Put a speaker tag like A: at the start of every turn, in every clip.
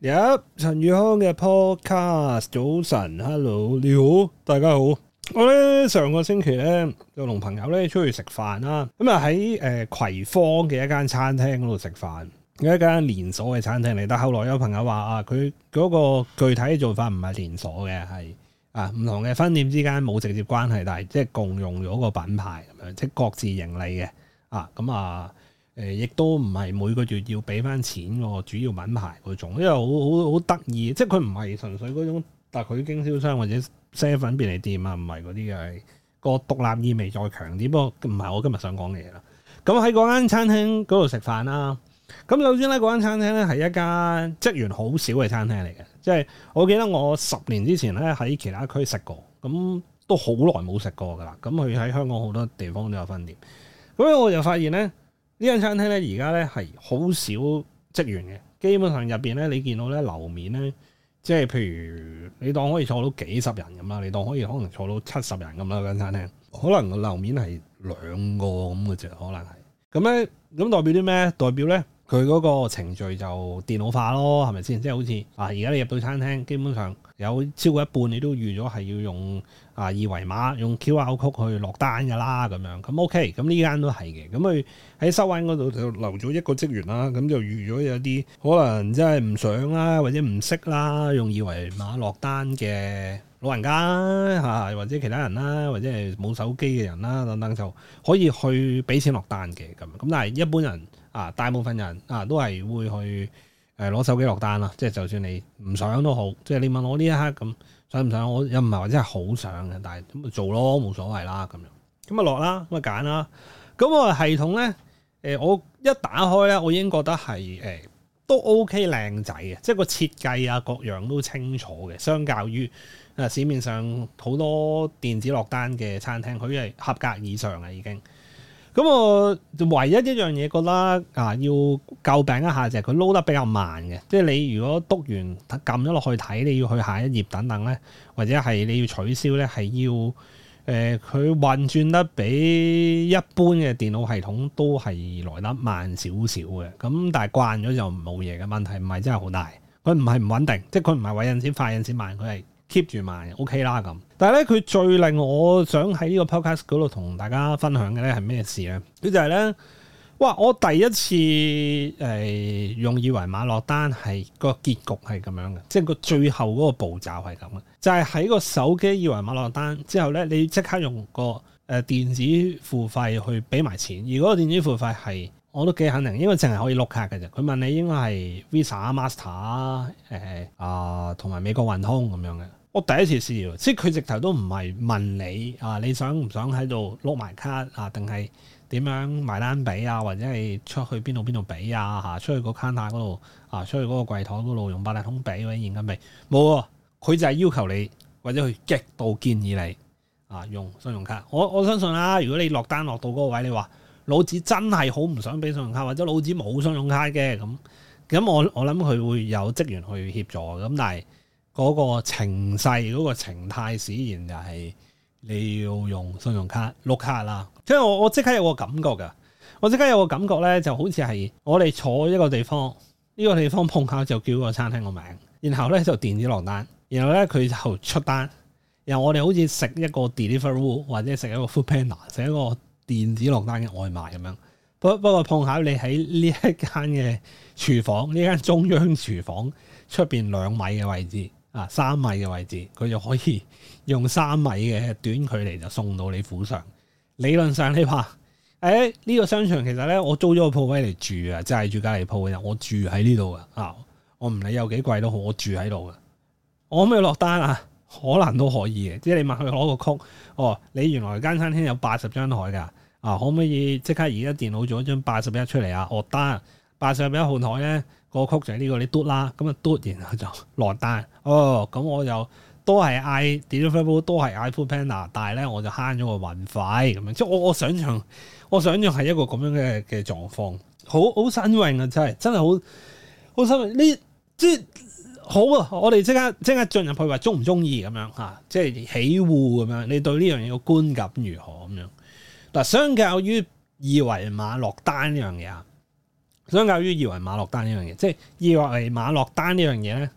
A: 有陳宇康嘅 Podcast，早晨，Hello，你好，大家好。我咧上個星期咧就同朋友咧出去食飯啦，咁啊喺誒葵芳嘅一間餐廳嗰度食飯，有一間連鎖嘅餐廳嚟。但係後來有朋友話啊，佢嗰個具體做法唔係連鎖嘅，係啊唔同嘅分店之間冇直接關係，但係即係共用咗個品牌咁樣，即各自盈利嘅啊咁啊。嗯啊誒，亦都唔係每個月要俾翻錢喎，主要品牌嗰種，因為好好好得意，即係佢唔係純粹嗰種，但佢經銷商或者 seven 便利店啊，唔係嗰啲嘅，個獨立意味再強啲。不過唔係我今日想講嘅嘢啦。咁喺嗰間餐廳嗰度食飯啦。咁首先咧，嗰間餐廳咧係一間職員好少嘅餐廳嚟嘅，即係我記得我十年之前咧喺其他區食過，咁都好耐冇食過㗎啦。咁佢喺香港好多地方都有分店，咁我就發現咧。呢間餐廳咧，而家咧係好少職員嘅，基本上入邊咧，你見到咧樓面咧，即係譬如你當可以坐到幾十人咁啦，你當可以可能坐到七十人咁啦，間餐廳可能個樓面係兩個咁嘅啫，可能係，咁咧咁代表啲咩？代表咧？佢嗰個程序就電腦化咯，係咪先？即係好似啊，而家你入到餐廳，基本上有超過一半你都預咗係要用啊二維碼，用 QR code 去落單㗎啦，咁樣咁 OK 樣。咁呢間都係嘅。咁佢喺收銀嗰度就留咗一個職員啦，咁就預咗有啲可能即係唔想啦，或者唔識啦，用二維碼落單嘅老人家嚇、啊，或者其他人啦，或者係冇手機嘅人啦等等就可以去俾錢落單嘅咁。咁但係一般人。啊，大部分人啊都係會去誒攞、呃、手機落單啦，即係就算你唔想都好，即係你問我呢一刻咁想唔想，我又唔係話真係好想嘅，但係咁咪做咯，冇所謂啦咁樣，咁咪落啦，咁咪揀啦。咁我系統咧，誒、呃、我一打開咧，我已經覺得係誒、呃、都 OK 靚仔嘅，即係個設計啊各樣都清楚嘅，相較於誒市面上好多電子落單嘅餐廳，佢係合格以上嘅已經。咁我唯一一樣嘢覺得啊，要救病一下就係佢撈得比較慢嘅，即係你如果篤完撳咗落去睇，你要去下一頁等等咧，或者係你要取消咧，係要誒佢、呃、運轉得比一般嘅電腦系統都係來得慢少少嘅。咁但係慣咗就冇嘢嘅問題，唔係真係好大，佢唔係唔穩定，即係佢唔係快印先快，印先慢，佢係。keep 住埋 OK 啦，咁，但係咧佢最令我想喺呢個 podcast 嗰度同大家分享嘅咧係咩事咧？佢就係、是、咧，哇！我第一次誒、呃、用二維碼落單係個結局係咁樣嘅，即係個最後嗰個步驟係咁嘅，就係喺個手機二維碼落單之後咧，你即刻用個誒電子付費去俾埋錢，而嗰個電子付費係。我都幾肯定，因為淨係可以碌卡嘅啫。佢問你應該係 Visa Master、欸、啊、誒啊同埋美國運通咁樣嘅。我第一次試，即係佢直頭都唔係問你啊，你想唔想喺度碌埋卡啊，定係點樣埋單俾啊，或者係出去邊度邊度俾啊？嚇，出去個卡 o 嗰度啊，出去嗰個櫃枱嗰度用八達通俾或者現金俾冇喎。佢、啊、就係要求你或者佢極度建議你啊用信用卡。我我相信啦、啊，如果你落單落到嗰個位，你話。老子真係好唔想俾信用卡，或者老子冇信用卡嘅咁，咁我我諗佢會有職員去協助嘅。咁但係嗰個情勢、嗰、嗰個情態，使然就係你要用信用卡碌卡啦。即係我我即刻有個感覺嘅，我即刻有個感覺咧，就好似係我哋坐一個地方，呢、呢個地方碰巧就叫個餐廳個名，然後咧就電子落單，然後咧佢就出單，然後我哋好似食一個 Deliveroo 或者食一個 foodpanda 食一個。電子落單嘅外賣咁樣，不不過碰巧你喺呢一間嘅廚房，呢間中央廚房出邊兩米嘅位置啊，三米嘅位置，佢、啊、就可以用三米嘅短距離就送到你府上。理論上你話，誒、哎、呢、呢個商場其實咧，我租咗個鋪位嚟住啊，即係住隔離鋪嘅，我住喺呢度嘅啊，我唔理有幾貴都好，我住喺度嘅，我可唔可以落單啊！可能都可以嘅，即係你問佢攞個曲。哦，你原來間餐廳有八十張台噶啊，可唔可以即刻而家電腦做一張八十一出嚟啊？落單，八十一號台咧個曲就係呢個，你嘟啦，咁啊嘟，然後就落單。哦，咁我就都係嗌 differentable，都係嗌 full panner，但係咧我就慳咗個運費咁樣。即係我我想象，我想象係一個咁樣嘅嘅狀況，好好新穎啊！真係真係好，好新穎呢！即好啊！我哋即刻即刻進入去話中唔中意咁樣吓，啊，即係喜惡咁樣。你對呢樣嘢個觀感如何咁樣？嗱，相較於二維碼落單呢樣嘢啊，相較於二維碼落單呢樣嘢，即係二維碼落單呢樣嘢咧，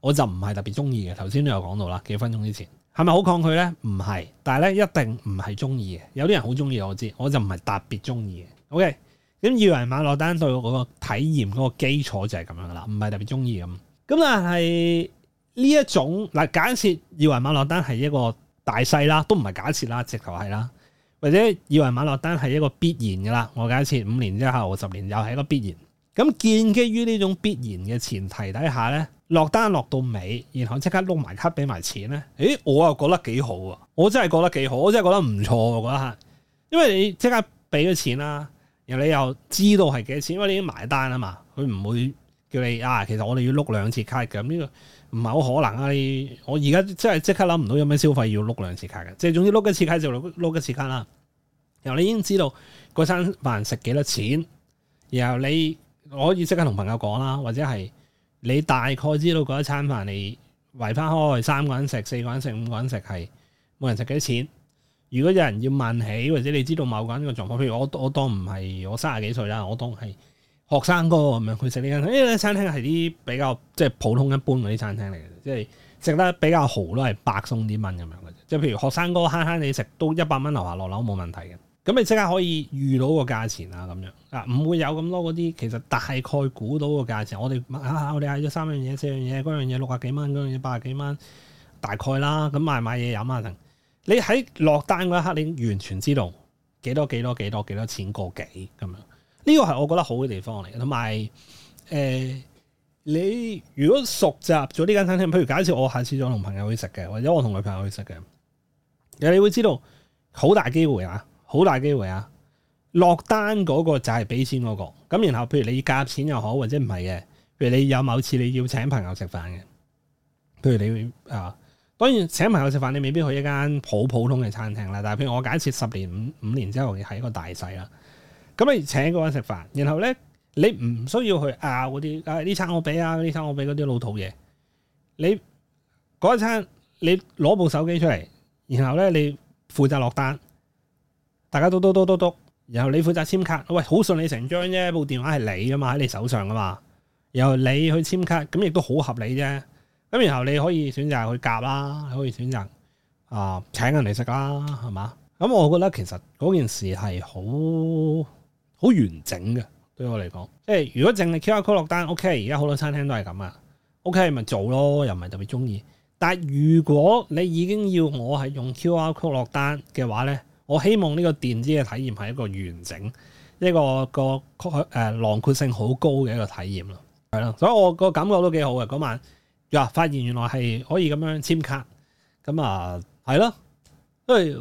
A: 我就唔係特別中意嘅。頭先都有講到啦，幾分鐘之前係咪好抗拒咧？唔係，但係咧一定唔係中意嘅。有啲人好中意，我知，我就唔係特別中意嘅。O K，咁二維碼落單對嗰個體驗嗰個基礎就係咁樣啦，唔係特別中意咁。咁但係呢一種嗱，假設以為馬落單係一個大勢啦，都唔係假設啦，直頭係啦，或者以為馬落單係一個必然噶啦。我假設五年之後、十年又係一個必然。咁建基於呢種必然嘅前提底下咧，落單落到尾，然後即刻碌埋卡俾埋錢咧，誒，我又覺得幾好喎！我真係覺得幾好，我真係覺得唔錯喎，我覺得嚇，因為你即刻俾咗錢啦，然後你又知道係幾多錢，因為你已經埋單啊嘛，佢唔會。叫你啊，其實我哋要碌兩次卡嘅，噉呢個唔係好可能啊！你我而家真係即刻諗唔到有咩消費要碌兩次卡嘅，即係總之碌一次卡就碌碌一次卡啦。然後你已經知道嗰餐飯食幾多錢，然後你我可以即刻同朋友講啦，或者係你大概知道嗰一餐飯你圍翻開三個人食、四個人食、五個人食係每人食幾多錢。如果有人要問起，或者你知道某個人嘅狀況，譬如我我，我當唔係我三十幾歲啦，我當係學生哥咁樣去食呢間餐廳，誒餐廳係啲比較即係普通一般嗰啲餐廳嚟嘅，即係食得比較豪都係百鬆啲蚊咁樣嘅啫。即係譬如學生哥慳慳你食都一百蚊樓下落樓冇問題嘅，咁你即刻可以預到個價錢啊咁樣啊，唔會有咁多嗰啲，其實大概估到個價錢。我哋買下我哋嗌咗三樣嘢、四樣嘢，嗰樣嘢六十幾蚊，嗰樣嘢八十幾蚊，大概啦。咁買買嘢飲啊，你喺落單嗰一刻，你完全知道幾多幾多幾多幾多錢過幾咁樣。呢個係我覺得好嘅地方嚟，同埋誒，你如果熟習咗呢間餐廳，譬如假設我下次想同朋友去食嘅，或者我同女朋友去食嘅，你會知道好大機會啊，好大機會啊！落單嗰個就係俾錢嗰個，咁然後譬如你夾錢又好，或者唔係嘅，譬如你有某次你要請朋友食飯嘅，譬如你啊，當然請朋友食飯你未必去一間好普通嘅餐廳啦，但係譬如我假設十年五五年之後你係一個大細啦，咁你請嗰個人食飯，然後咧你唔需要去拗嗰啲，啊呢、啊、餐我俾啊，呢餐我俾嗰啲老土嘢。你嗰餐你攞部手機出嚟，然後咧你負責落單，大家都嘟嘟嘟嘟，然後你負責簽卡。喂，好順理成章啫，部電話係你噶嘛，喺你手上噶嘛，然後由你去簽卡，咁亦都好合理啫。咁然後你可以選擇去夾啦，你可以選擇啊、呃、請人嚟食啦，係嘛？咁我覺得其實嗰件事係好。好完整嘅，對我嚟講，即係如果淨係 QR code 落單，OK。而家好多餐廳都係咁啊，OK 咪做咯，又唔係特別鍾意。但係如果你已經要我係用 QR code 落單嘅話咧，我希望呢個電子嘅體驗係一個完整，一個一個括誒囊括性好高嘅一個體驗咯，係啦。所以我個感覺都幾好嘅嗰晚，呀發現原來係可以咁樣簽卡，咁啊係咯。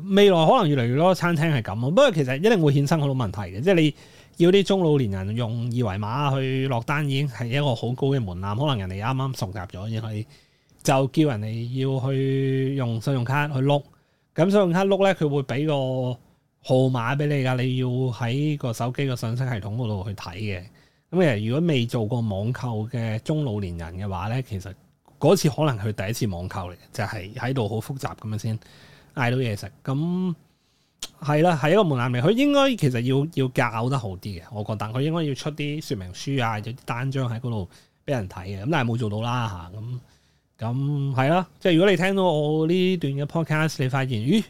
A: 未來可能越嚟越多餐廳係咁咯，不過其實一定會衍生好多問題嘅。即係你要啲中老年人用二維碼去落單已經係一個好高嘅門檻，可能人哋啱啱熟習咗，已經可以就叫人哋要去用信用卡去碌，咁信用卡碌咧，佢會俾個號碼俾你噶，你要喺個手機個信息系統嗰度去睇嘅。咁如果未做過網購嘅中老年人嘅話咧，其實嗰次可能佢第一次網購嚟，就係喺度好複雜咁樣先。嗌到嘢食，咁、嗯、係啦，係一個門檻嚟。佢應該其實要要夾得好啲嘅，我覺得。佢應該要出啲説明書啊，有啲單張喺嗰度俾人睇嘅。咁但係冇做到啦吓，咁咁係啦。即係如果你聽到我呢段嘅 Podcast，你發現咦，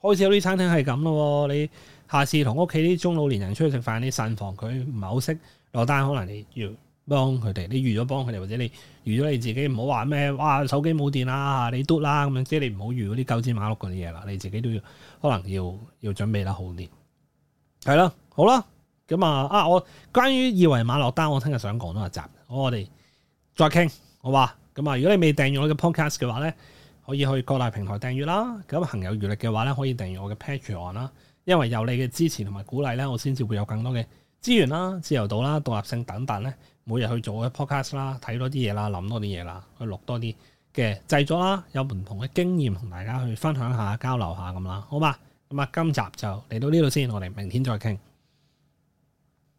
A: 開始有啲餐廳係咁咯。你下次同屋企啲中老年人出去食飯，你慎防佢唔係好識落單，可能你要。幫佢哋，你預咗幫佢哋，或者你預咗你自己唔好話咩？哇，手機冇電啦，你嘟啦咁樣，即係你唔好預嗰啲九千馬碌嗰啲嘢啦。你自己都要可能要要準備得好啲，係啦，好啦，咁啊，啊，我關於二維碼落單，我聽日想講多一集，好，我我哋再傾。好話，咁啊，如果你未訂閱我嘅 podcast 嘅話咧，可以去各大平台訂閱啦。咁行有餘力嘅話咧，可以訂閱我嘅 patreon 啦。因為有你嘅支持同埋鼓勵咧，我先至會有更多嘅資源啦、自由度啦、獨立性等等咧。每日去做 podcast 一 podcast 啦，睇多啲嘢啦，諗多啲嘢啦，去錄多啲嘅製作啦，有唔同嘅經驗同大家去分享下、交流下咁啦，好嘛？咁啊，今集就嚟到呢度先，我哋明天再傾。